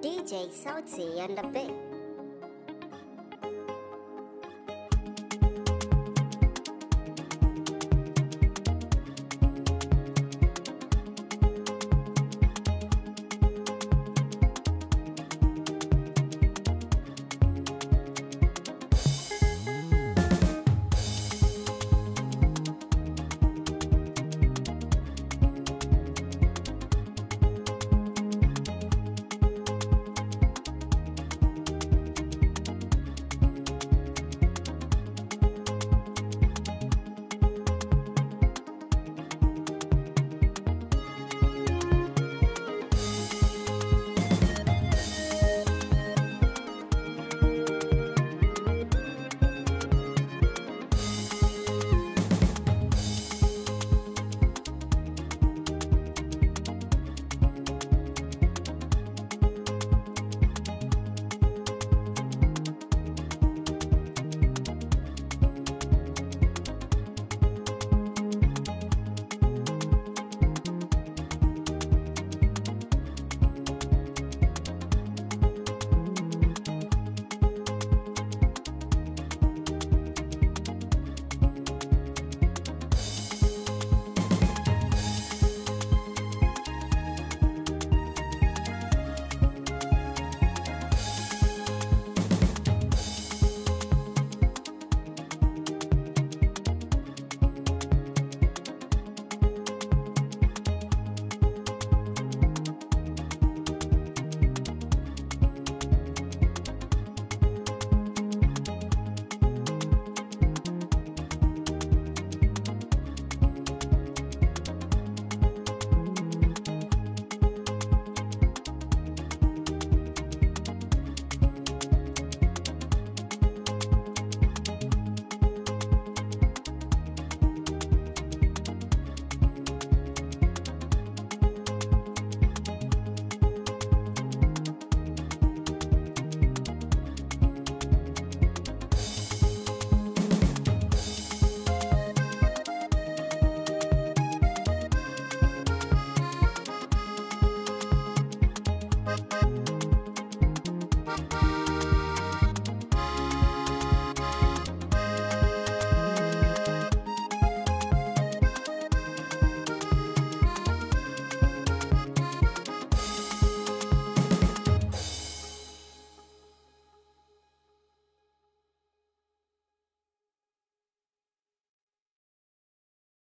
DJ South Sea and a bit.